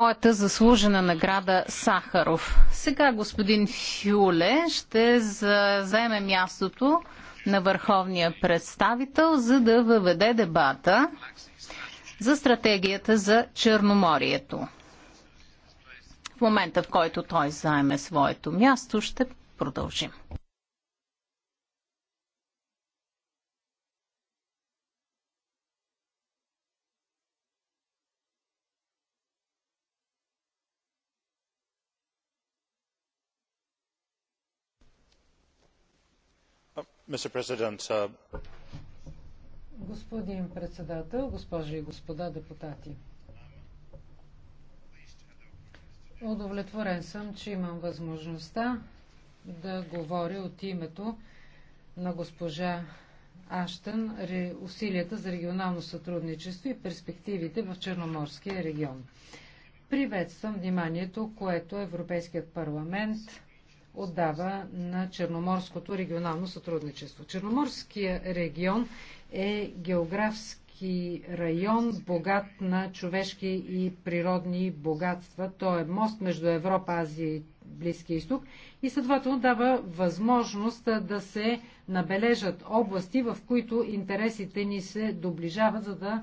моята заслужена награда Сахаров. Сега господин Фюле ще заеме мястото на върховния представител, за да въведе дебата за стратегията за Черноморието. В момента, в който той заеме своето място, ще продължим. Господин председател, госпожи и господа депутати. Удовлетворен съм, че имам възможността да говоря от името на госпожа Аштън усилията за регионално сътрудничество и перспективите в Черноморския регион. Приветствам вниманието, което Европейският парламент отдава на Черноморското регионално сътрудничество. Черноморския регион е географски район, богат на човешки и природни богатства. Той е мост между Европа, Азия и Близкия изток и следователно дава възможност да се набележат области, в които интересите ни се доближават, за да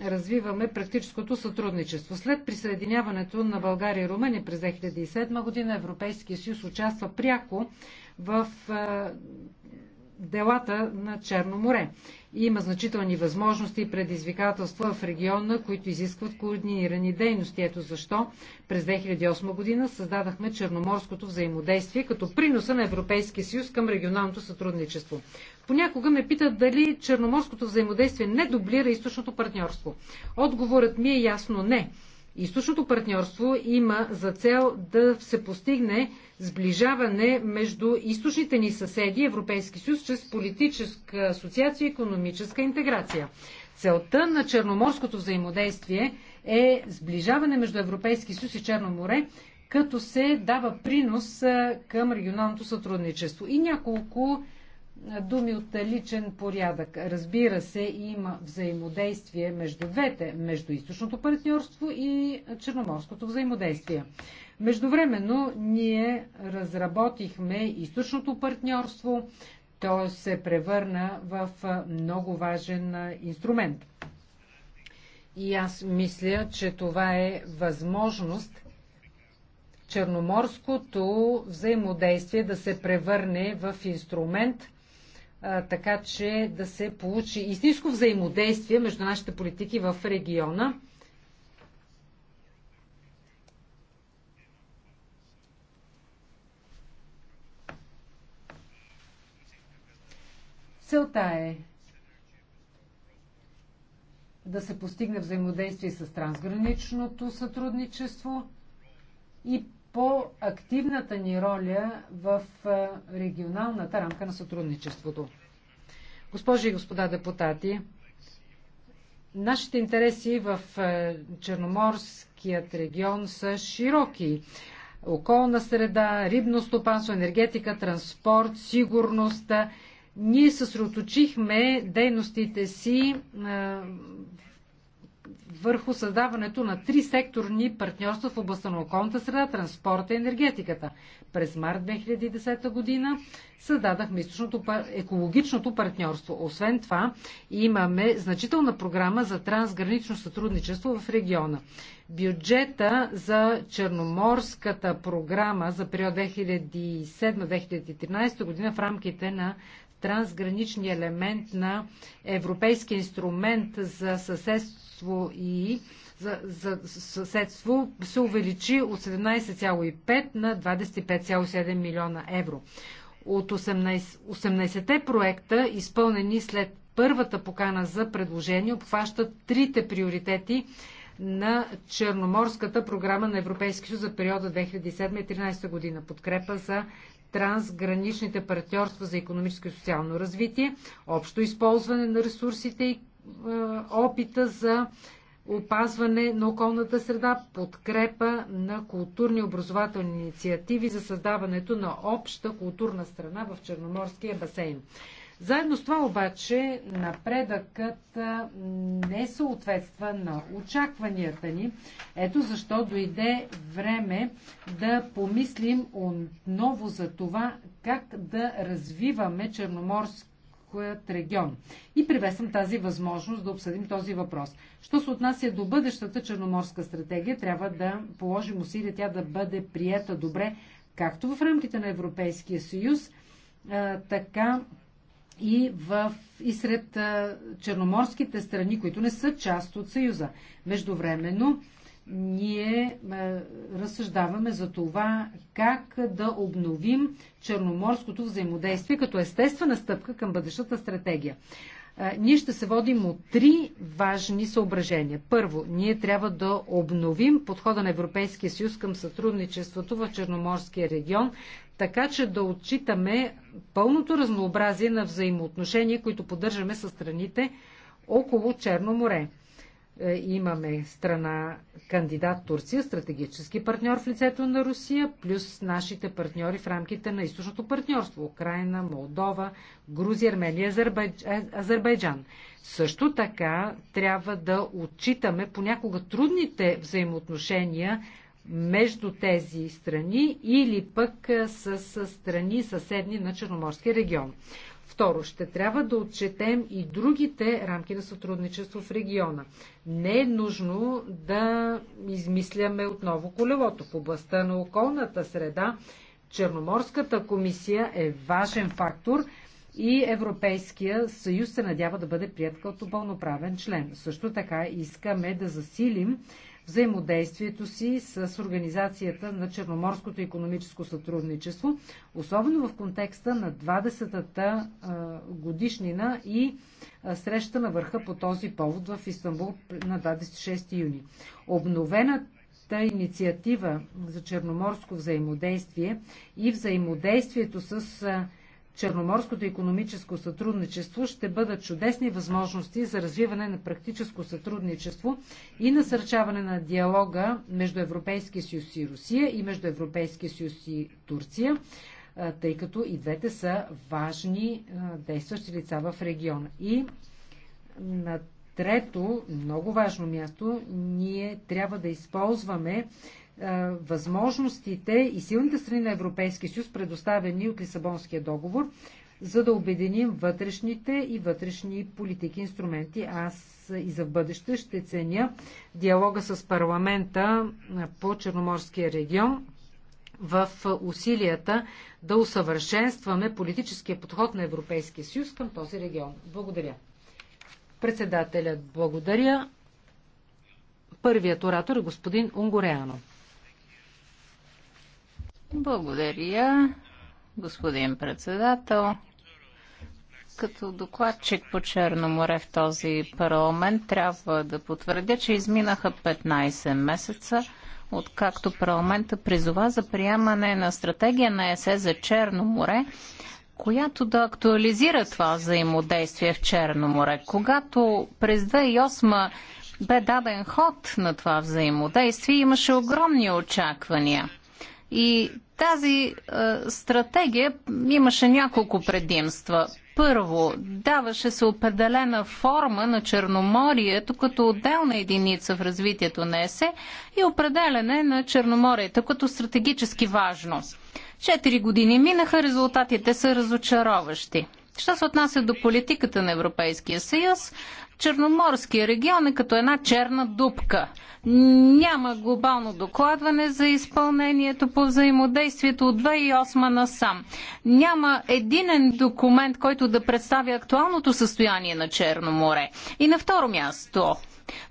развиваме практическото сътрудничество. След присъединяването на България и Румъния през 2007 година Европейския съюз участва пряко в делата на Черно море. Има значителни възможности и предизвикателства в региона, които изискват координирани дейности. Ето защо през 2008 година създадахме Черноморското взаимодействие като приноса на Европейския съюз към регионалното сътрудничество. Понякога ме питат дали Черноморското взаимодействие не дублира източното партньорство. Отговорът ми е ясно не източното партньорство има за цел да се постигне сближаване между източните ни съседи Европейски съюз чрез политическа асоциация и економическа интеграция. Целта на черноморското взаимодействие е сближаване между Европейски съюз и Черно море, като се дава принос към регионалното сътрудничество. И няколко думи от личен порядък. Разбира се, има взаимодействие между двете, между източното партньорство и черноморското взаимодействие. Междувременно ние разработихме източното партньорство, то се превърна в много важен инструмент. И аз мисля, че това е възможност черноморското взаимодействие да се превърне в инструмент – така че да се получи истинско взаимодействие между нашите политики в региона. Целта е да се постигне взаимодействие с трансграничното сътрудничество и по-активната ни роля в регионалната рамка на сътрудничеството. Госпожи и господа депутати, нашите интереси в Черноморският регион са широки. Околна среда, рибно стопанство, енергетика, транспорт, сигурност. Ние съсредоточихме дейностите си върху създаването на три секторни партньорства в областта на околната среда, транспорта и енергетиката. През март 2010 година създадахме екологичното партньорство. Освен това, имаме значителна програма за трансгранично сътрудничество в региона. Бюджета за Черноморската програма за период 2007-2013 година в рамките на трансграничния елемент на Европейския инструмент за съседство и за, за съседство се увеличи от 17,5 на 25,7 милиона евро. От 18, 18-те проекта, изпълнени след първата покана за предложение, обхващат трите приоритети на Черноморската програма на Европейския съюз за периода 2007-2013 година. Подкрепа за трансграничните партньорства за економическо и социално развитие, общо използване на ресурсите и е, опита за опазване на околната среда, подкрепа на културни и образователни инициативи за създаването на обща културна страна в Черноморския басейн. Заедно с това обаче напредъкът не съответства на очакванията ни. Ето защо дойде време да помислим отново за това как да развиваме Черноморски Черноморският регион. И приветствам тази възможност да обсъдим този въпрос. Що се отнася до бъдещата Черноморска стратегия, трябва да положим усилия тя да бъде приета добре, както в рамките на Европейския съюз, така и, в, и сред черноморските страни, които не са част от Съюза. Междувременно ние разсъждаваме за това как да обновим черноморското взаимодействие като естествена стъпка към бъдещата стратегия ние ще се водим от три важни съображения. Първо, ние трябва да обновим подхода на Европейския съюз към сътрудничеството в Черноморския регион, така че да отчитаме пълното разнообразие на взаимоотношения, които поддържаме с страните около Черно море. Е, имаме страна кандидат Турция, стратегически партньор в лицето на Русия, плюс нашите партньори в рамките на източното партньорство Украина, Молдова, Грузия, Армения, Азербайдж... Азербайджан. Също така трябва да отчитаме понякога трудните взаимоотношения между тези страни или пък с страни съседни на Черноморския регион. Второ, ще трябва да отчетем и другите рамки на сътрудничество в региона. Не е нужно да измисляме отново колелото в областта на околната среда. Черноморската комисия е важен фактор и Европейския съюз се надява да бъде прият като пълноправен член. Също така искаме да засилим взаимодействието си с Организацията на Черноморското економическо сътрудничество, особено в контекста на 20-та годишнина и среща на върха по този повод в Истанбул на 26 юни. Обновената инициатива за черноморско взаимодействие и взаимодействието с Черноморското економическо сътрудничество ще бъдат чудесни възможности за развиване на практическо сътрудничество и насърчаване на диалога между Европейския съюз и Русия и между Европейския съюз и Турция, тъй като и двете са важни действащи лица в региона. И на трето, много важно място, ние трябва да използваме е, възможностите и силните страни на Европейския съюз, предоставени от Лисабонския договор, за да обединим вътрешните и вътрешни политики инструменти. Аз и за бъдеще ще ценя диалога с парламента по Черноморския регион в усилията да усъвършенстваме политическия подход на Европейския съюз към този регион. Благодаря. Председателят благодаря. Първият оратор е господин Унгореано. Благодаря, господин председател. Като докладчик по Черно море в този парламент трябва да потвърдя, че изминаха 15 месеца откакто парламента призова за приемане на стратегия на ЕСЕ за Черно море, която да актуализира това взаимодействие в Черно море. Когато през 2008 бе даден ход на това взаимодействие, имаше огромни очаквания – и тази а, е, стратегия имаше няколко предимства. Първо, даваше се определена форма на Черноморието като отделна единица в развитието на ЕСЕ и определене на Черноморието като стратегически важно. Четири години минаха, резултатите са разочароващи. Що се отнася до политиката на Европейския съюз, Черноморския регион е като една черна дупка. Няма глобално докладване за изпълнението по взаимодействието от 2008 сам. Няма единен документ, който да представя актуалното състояние на Черно море. И на второ място,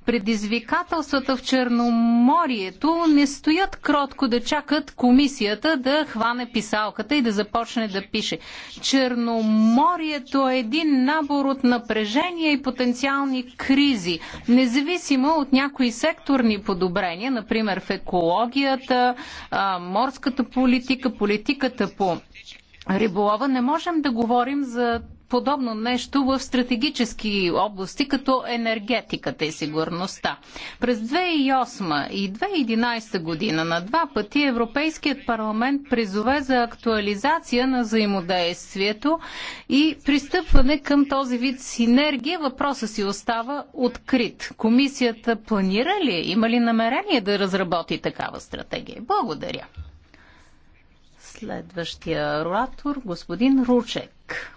Предизвикателствата в Черноморието не стоят кротко да чакат комисията да хване писалката и да започне да пише. Черноморието е един набор от напрежения и потенциални кризи, независимо от някои секторни подобрения, например в екологията, морската политика, политиката по риболова. Не можем да говорим за подобно нещо в стратегически области, като енергетиката и сигурността. През 2008 и 2011 година на два пъти Европейският парламент призове за актуализация на взаимодействието и пристъпване към този вид синергия. Въпроса си остава открит. Комисията планира ли, има ли намерение да разработи такава стратегия? Благодаря. Следващия оратор, господин Ручек.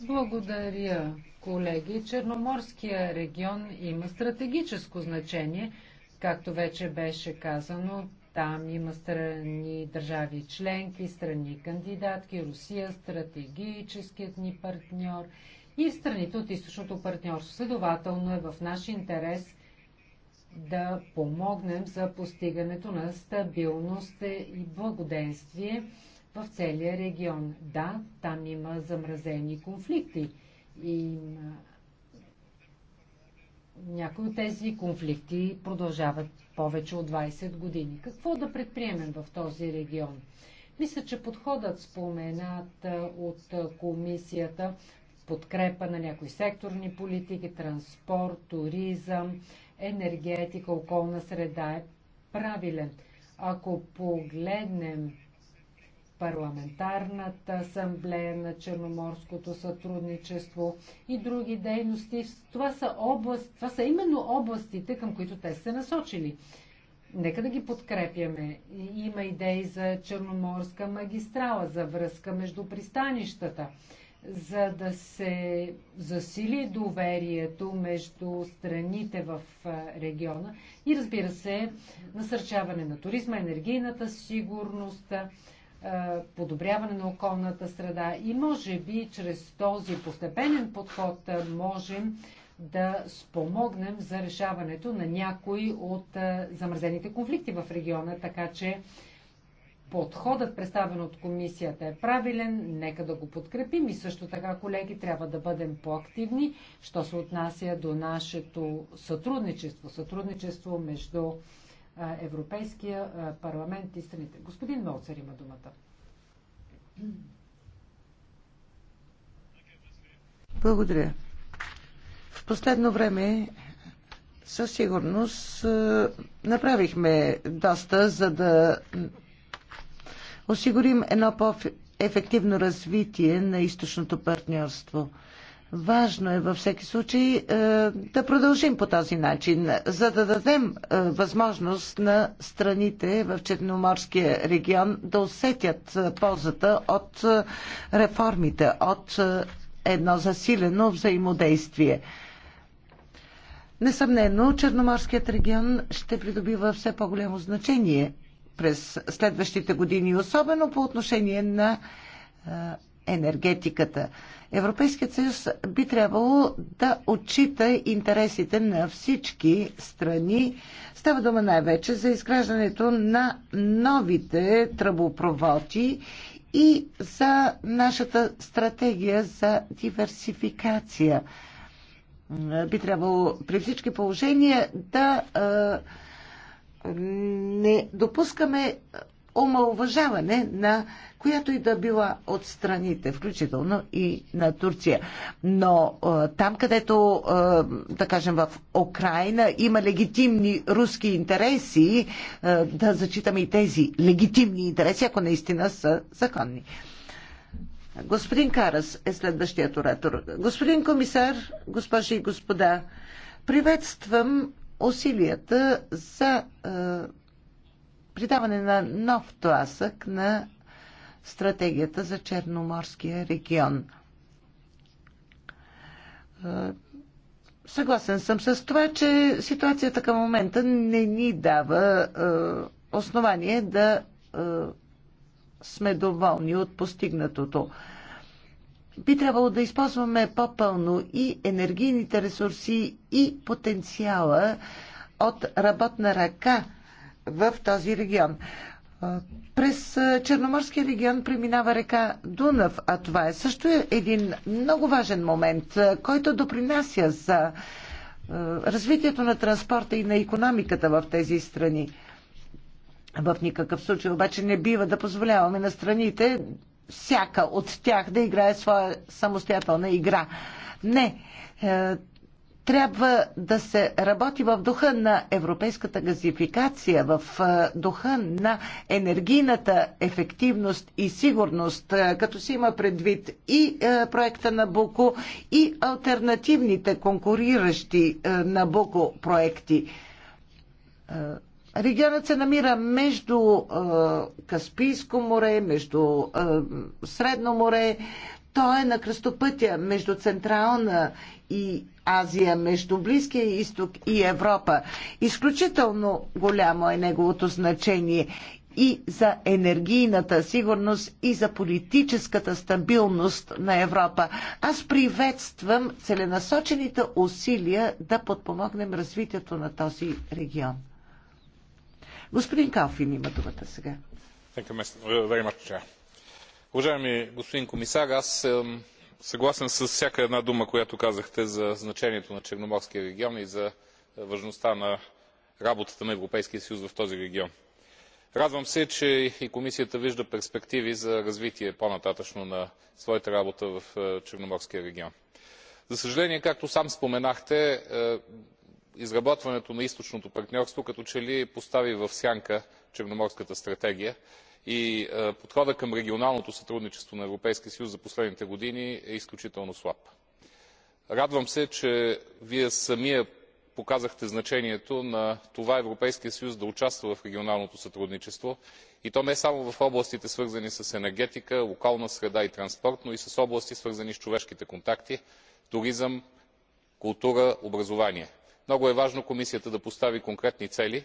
Благодаря, колеги. Черноморския регион има стратегическо значение. Както вече беше казано, там има страни, държави членки, страни кандидатки, Русия, стратегическият ни партньор и страните от източното партньорство. Следователно е в наш интерес да помогнем за постигането на стабилност и благоденствие в целия регион. Да, там има замразени конфликти. и Някои от тези конфликти продължават повече от 20 години. Какво да предприемем в този регион? Мисля, че подходът споменат от комисията подкрепа на някои секторни политики, транспорт, туризъм, енергетика, околна среда е правилен. Ако погледнем парламентарната асамблея на черноморското сътрудничество и други дейности. Това са, област, това са именно областите, към които те са насочени. Нека да ги подкрепяме. Има идеи за черноморска магистрала, за връзка между пристанищата, за да се засили доверието между страните в региона и разбира се, насърчаване на туризма, енергийната сигурност, е, подобряване на околната среда и може би чрез този постепенен подход е, можем да спомогнем за решаването на някои от е, замразените конфликти в региона, така че подходът, представен от комисията, е правилен, нека да го подкрепим и също така, колеги, трябва да бъдем по-активни, що се отнася до нашето сътрудничество, сътрудничество между Европейския парламент и страните. Господин Молцер има думата. Благодаря. В последно време със сигурност направихме доста, за да осигурим едно по-ефективно развитие на източното партньорство – Важно е във всеки случай е, да продължим по този начин, за да дадем е, възможност на страните в Черноморския регион да усетят е, ползата от реформите, от едно засилено взаимодействие. Несъмнено, Черноморският регион ще придобива все по-голямо значение през следващите години, особено по отношение на енергетиката. Европейският съюз би трябвало да отчита интересите на всички страни. Става дума най-вече за изграждането на новите тръбопроводи и за нашата стратегия за диверсификация. Би трябвало при всички положения да не допускаме омалуважаване на която и да била от страните, включително и на Турция. Но а, там, където, а, да кажем, в Украина има легитимни руски интереси, а, да зачитаме и тези легитимни интереси, ако наистина са законни. Господин Карас е следващият оратор. Господин комисар, госпожи и господа, приветствам усилията за придаване на нов тласък на стратегията за Черноморския регион. Е, съгласен съм с това, че ситуацията към момента не ни дава е, основание да е, сме доволни от постигнатото. Би трябвало да използваме по-пълно и енергийните ресурси, и потенциала от работна ръка в този регион. През Черноморския регион преминава река Дунав, а това е също един много важен момент, който допринася за развитието на транспорта и на економиката в тези страни. В никакъв случай обаче не бива да позволяваме на страните всяка от тях да играе своя самостоятелна игра. Не, е, трябва да се работи в духа на европейската газификация, в духа на енергийната ефективност и сигурност, като се има предвид и проекта на Буко, и альтернативните конкуриращи на Буко проекти. Регионът се намира между Каспийско море, между Средно море. Той е на кръстопътя между Централна и Азия, между Близкия изток и Европа. Изключително голямо е неговото значение и за енергийната сигурност и за политическата стабилност на Европа. Аз приветствам целенасочените усилия да подпомогнем развитието на този регион. Господин Калфин има думата сега. Уважаеми господин комисар, аз съгласен с всяка една дума която казахте за значението на черноморския регион и за е, важността на работата на европейския съюз в този регион. радвам се че и комисията вижда перспективи за развитие по нататъшно на своята работа в е, черноморския регион. за съжаление както сам споменахте е, изработването на източното партньорство като че ли постави в сянка черноморската стратегия и е, подходът към регионалното сътрудничество на европейския съюз за последните години е изключително слаб. радвам се че вие самият показахте значението на това европейският съюз да участва в регионалното сътрудничество и то не само в областите свързани с енергетика околна среда и транспорт но и с области свързани с човешките контакти туризъм култура образование. много е важно комисията да постави конкретни цели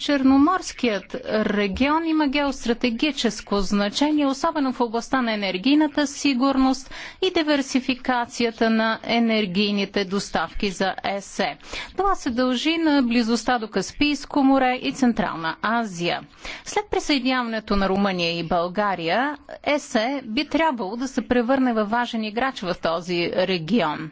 Черноморският регион има геостратегическо значение, особено в областта на енергийната сигурност и диверсификацията на енергийните доставки за ЕСЕ. Това се дължи на близостта до Каспийско море и Централна Азия. След присъединяването на Румъния и България, ЕСЕ би трябвало да се превърне във важен играч в този регион.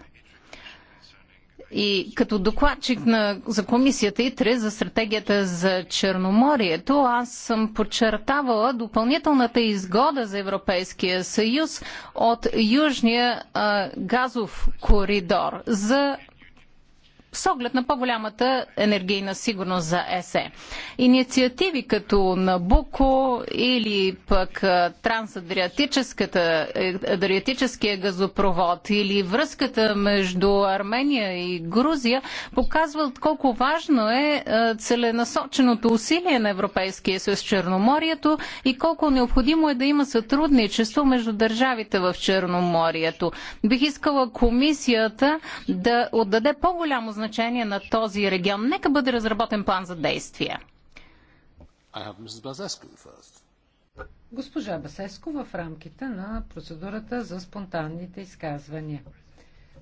И като докладчик на, за комисията ИТРЕ за стратегията за Черноморието, аз съм подчертавала допълнителната изгода за Европейския съюз от Южния а, газов коридор за с оглед на по-голямата енергийна сигурност за ЕСЕ. Инициативи като Набуко или пък трансадриатическия е, газопровод или връзката между Армения и Грузия показват колко важно е целенасоченото усилие на Европейския съюз Черноморието и колко необходимо е да има сътрудничество между държавите в Черноморието. Бих искала комисията да отдаде по-голямо значение на този регион. Нека бъде разработен план за действие. Госпожа Басеско в рамките на процедурата за спонтанните изказвания.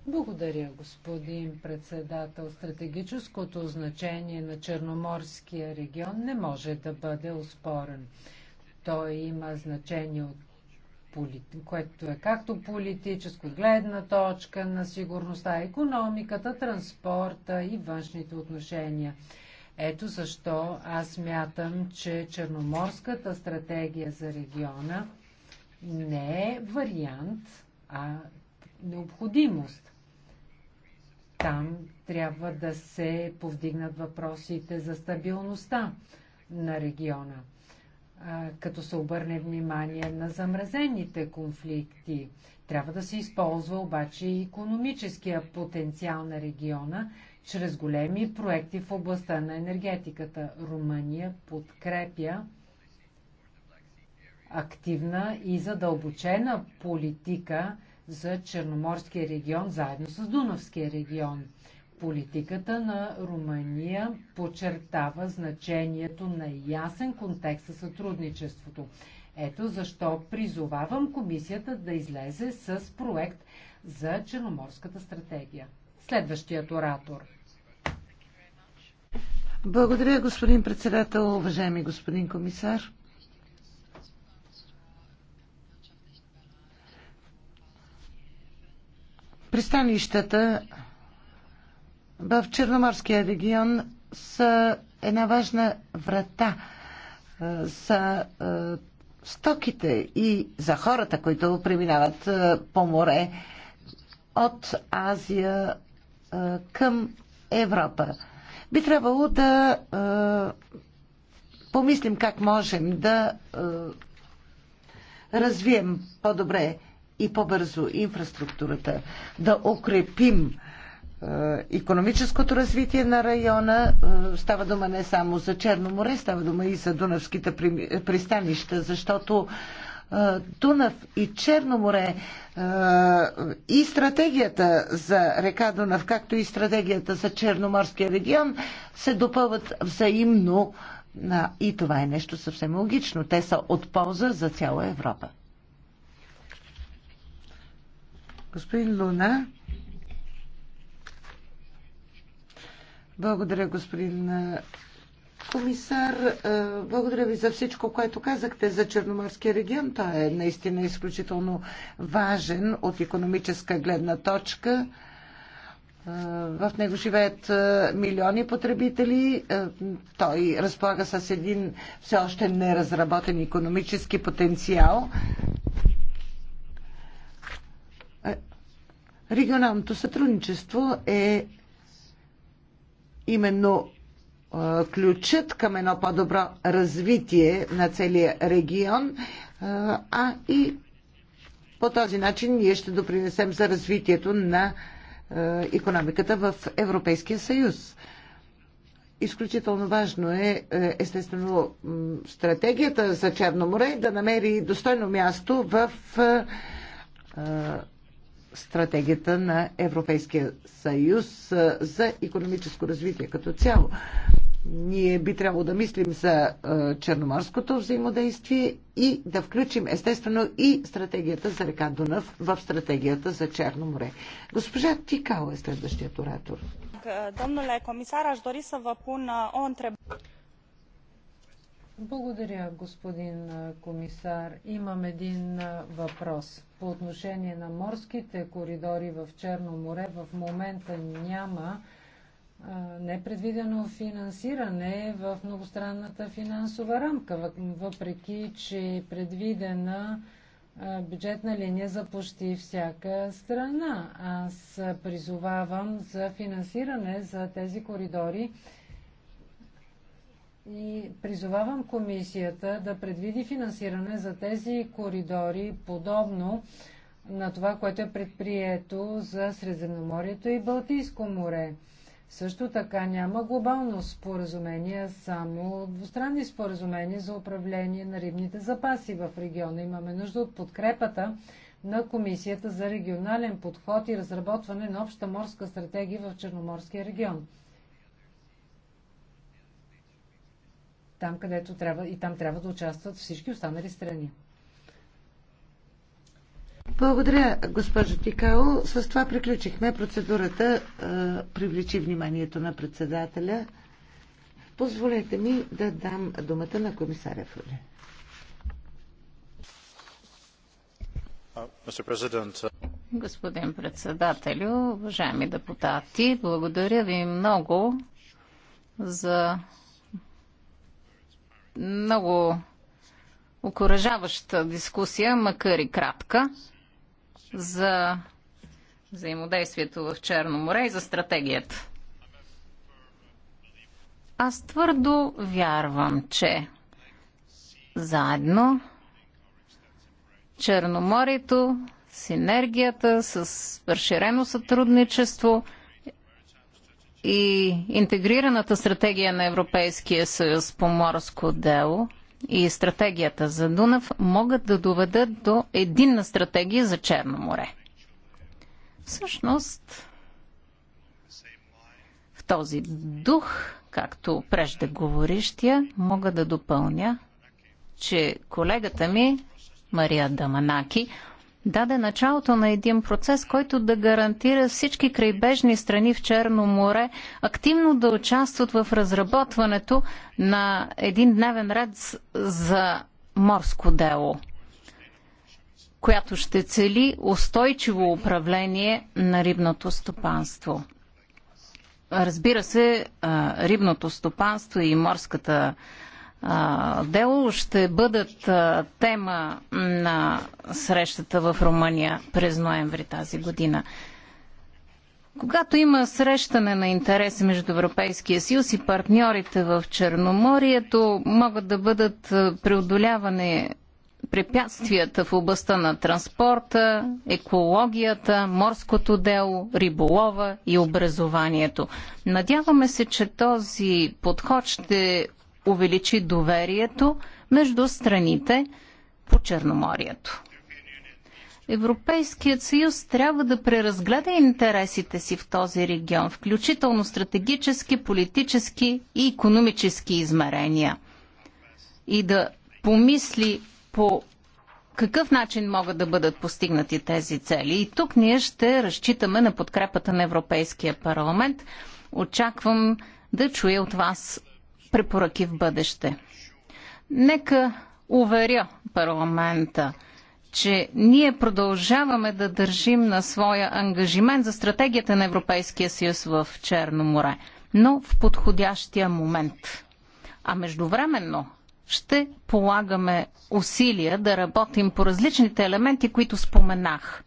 Благодаря, господин председател. Стратегическото значение на Черноморския регион не може да бъде успорен. Той има значение от което е както политическо гледна точка на сигурността, економиката, транспорта и външните отношения. Ето защо аз мятам, че Черноморската стратегия за региона не е вариант, а необходимост. Там трябва да се повдигнат въпросите за стабилността на региона – като се обърне внимание на замразените конфликти. Трябва да се използва обаче и економическия потенциал на региона чрез големи проекти в областта на енергетиката. Румъния подкрепя активна и задълбочена политика за Черноморския регион, заедно с Дунавския регион. Политиката на Румъния подчертава значението на ясен контекст със сътрудничеството. Ето защо призовавам комисията да излезе с проект за Черноморската стратегия. Следващият оратор. Благодаря, господин председател, уважаеми господин комисар. Пристанищата в Черноморския регион са една важна врата за е, е, стоките и за хората, които преминават е, по море от Азия към Европа. Би трябвало да помислим как можем да развием по-добре и по-бързо инфраструктурата, да укрепим е, економическото развитие на района. Е, става дума не само за Черно море, става дума и за Дунавските пристанища, защото е, Дунав и Черно море и стратегията за река Дунав, както и стратегията за Черноморския регион се допълват взаимно и това е нещо съвсем логично. Те са от полза за цяла Европа. Господин Луна, Благодаря, господин комисар. Благодаря ви за всичко, което казахте за Черноморския регион. Той е наистина изключително важен от економическа гледна точка. В него живеят милиони потребители. Той разполага с един все още неразработен економически потенциал. Регионалното сътрудничество е именно ключът към едно по-добро развитие на целия регион, а и по този начин ние ще допринесем за развитието на економиката в Европейския съюз. Изключително важно е, е естествено, стратегията за Черно море да намери достойно място в стратегията на Европейския съюз за економическо развитие като цяло. Ние би трябвало да мислим за черноморското взаимодействие и да включим естествено и стратегията за река Дунав в стратегията за Черно море. Госпожа Тикао е следващият оратор. Domnule comisar, aș dori să vă pun o întrebare. Благодаря, господин комисар. Имам един въпрос. По отношение на морските коридори в Черно море, в момента няма непредвидено финансиране в многостранната финансова рамка, въпреки че е предвидена бюджетна линия за почти всяка страна. Аз призовавам за финансиране за тези коридори и призовавам комисията да предвиди финансиране за тези коридори, подобно на това, което е предприето за Средземноморието и Балтийско море. Също така няма глобално споразумение, само двустранни споразумения за управление на рибните запаси в региона. Имаме нужда от подкрепата на Комисията за регионален подход и разработване на обща морска стратегия в Черноморския регион. там, където трябва и там трябва да участват всички останали страни. Благодаря, госпожо Тикао. С това приключихме процедурата. Привлечи вниманието на председателя. Позволете ми да дам думата на комисаря Фуле. Господин председателю, уважаеми депутати, благодаря ви много за много окоръжаваща дискусия, макар и кратка, за взаимодействието в Черно море и за стратегията. Аз твърдо вярвам, че заедно Черноморието, синергията с разширено сътрудничество – и интегрираната стратегия на Европейския съюз по морско дело и стратегията за Дунав могат да доведат до единна стратегия за Черно море. Всъщност, в този дух, както преждеговорищия, мога да допълня, че колегата ми, Мария Даманаки, даде началото на един процес, който да гарантира всички крайбежни страни в Черно море активно да участват в разработването на един дневен ред за морско дело, която ще цели устойчиво управление на рибното стопанство. Разбира се, рибното стопанство и морската дело ще бъдат а, тема на срещата в Румъния през ноември тази година. Когато има срещане на интереси между Европейския съюз и партньорите в Черноморието, могат да бъдат преодолявани препятствията в областта на транспорта, екологията, морското дело, риболова и образованието. Надяваме се, че този подход ще увеличи доверието между страните по Черноморието. Европейският съюз трябва да преразгледа интересите си в този регион, включително стратегически, политически и економически измерения. И да помисли по какъв начин могат да бъдат постигнати тези цели. И тук ние ще разчитаме на подкрепата на Европейския парламент. Очаквам да чуя от вас препоръки в бъдеще. Нека уверя парламента, че ние продължаваме да държим на своя ангажимент за стратегията на Европейския съюз в Черно море, но в подходящия момент. А междувременно ще полагаме усилия да работим по различните елементи, които споменах.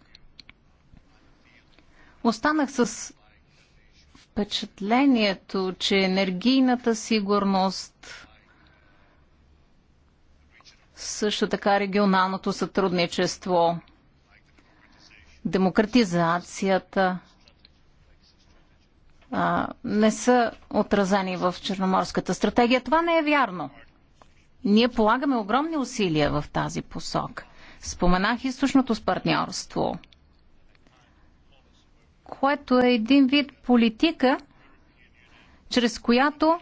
Останах с впечатлението, че енергийната сигурност, също така регионалното сътрудничество, демократизацията а, не са отразени в Черноморската стратегия. Това не е вярно. Ние полагаме огромни усилия в тази посока. Споменах източното партньорство – което е един вид политика, чрез която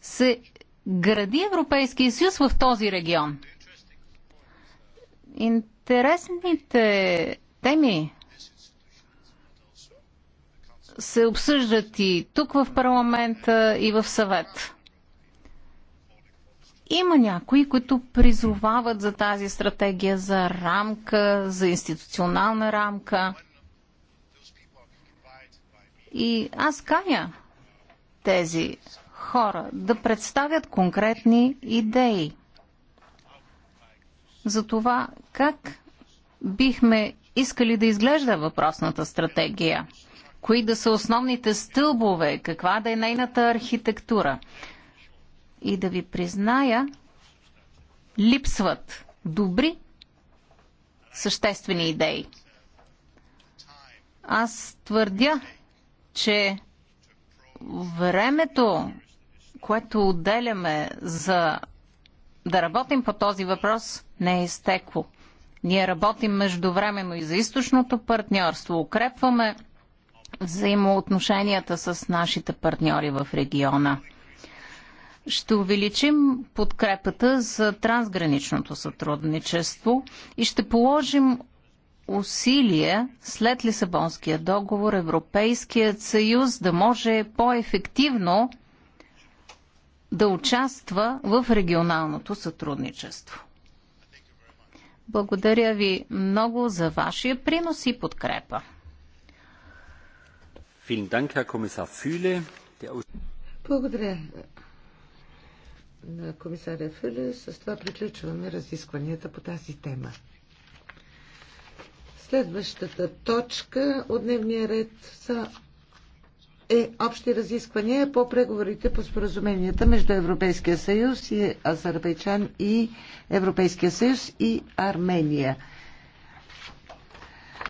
се гради Европейския съюз в този регион. Интересните теми се обсъждат и тук в парламента, и в съвет. Има някои, които призовават за тази стратегия за рамка, за институционална рамка – и аз каня тези хора да представят конкретни идеи за това как бихме искали да изглежда въпросната стратегия, кои да са основните стълбове, каква да е нейната архитектура. И да ви призная, липсват добри, съществени идеи. Аз твърдя, че времето, което отделяме за да работим по този въпрос, не е изтекло. Ние работим междувременно и за източното партньорство, укрепваме взаимоотношенията с нашите партньори в региона. Ще увеличим подкрепата за трансграничното сътрудничество и ще положим усилия след Лисабонския договор Европейският съюз да може по-ефективно да участва в регионалното сътрудничество. Благодаря ви много за вашия принос и подкрепа. Благодаря на комисаря Фюле. С това приключваме разискванията по тази тема. Следващата точка от дневния ред са е общи разисквания по преговорите по споразуменията между Европейския съюз и Азербайджан и Европейския съюз и Армения.